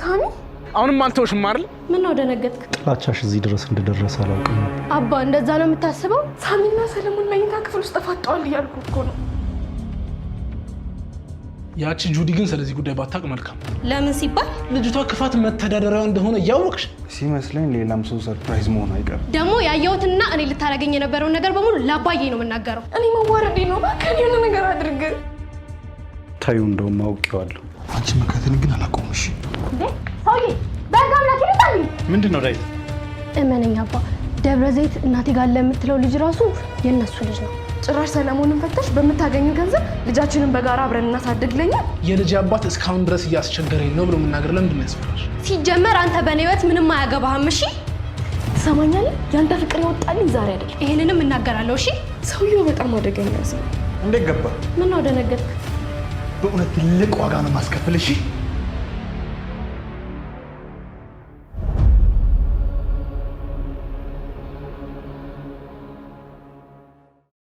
ሳሚ አሁንም አልተውሽም አይደል? ምን ነው ደነገጥክ? ጥላቻሽ እዚህ ድረስ እንደደረሰ አላውቅም። አባ እንደዛ ነው የምታስበው? ሳሚና ሰለሞን መኝታ ክፍል ውስጥ ተፋጠዋል እያልኩ እኮ ነው። ያቺ ጁዲ ግን ስለዚህ ጉዳይ ባታቅ መልካም። ለምን ሲባል ልጅቷ ክፋት መተዳደሪያ እንደሆነ እያወቅሽ ሲመስለኝ፣ ሌላም ሰው ሰርፕራይዝ መሆን አይቀርም። ደግሞ ያየሁትና እኔ ልታደርገኝ የነበረውን ነገር በሙሉ ለአባዬ ነው የምናገረው። እኔ መዋረዴ ነው። እባክህ የሆነ ነገር አድርግ። ታዩ እንደውም አውቄዋለሁ አንቺ መካተን ግን አላቆምሽ። ሰውዬ በህግ አምላክ ይመጣል። ምንድን ነው ዳዊት? እመነኝ አባ፣ ደብረ ዘይት እናቴ ጋር ለምትለው ልጅ ራሱ የእነሱ ልጅ ነው። ጭራሽ ሰለሞንን ፈተሽ በምታገኙ ገንዘብ ልጃችንን በጋራ አብረን እናሳድግ ይለኛል። የልጅ አባት እስካሁን ድረስ እያስቸገረኝ ነው ብሎ መናገር ለምንድን ነው ያስፈራሽ? ሲጀመር አንተ በእኔ ህይወት ምንም አያገባህም። እሺ ትሰማኛለህ? ያንተ ፍቅር ይወጣልኝ ዛሬ አይደል? ይሄንንም እናገራለሁ። እሺ ሰውየው በጣም አደገኛ ሰው። እንዴት ገባ? ምን ነው ደነገጥክ? በእውነት ትልቅ ዋጋ ነው የማስከፍል። እሺ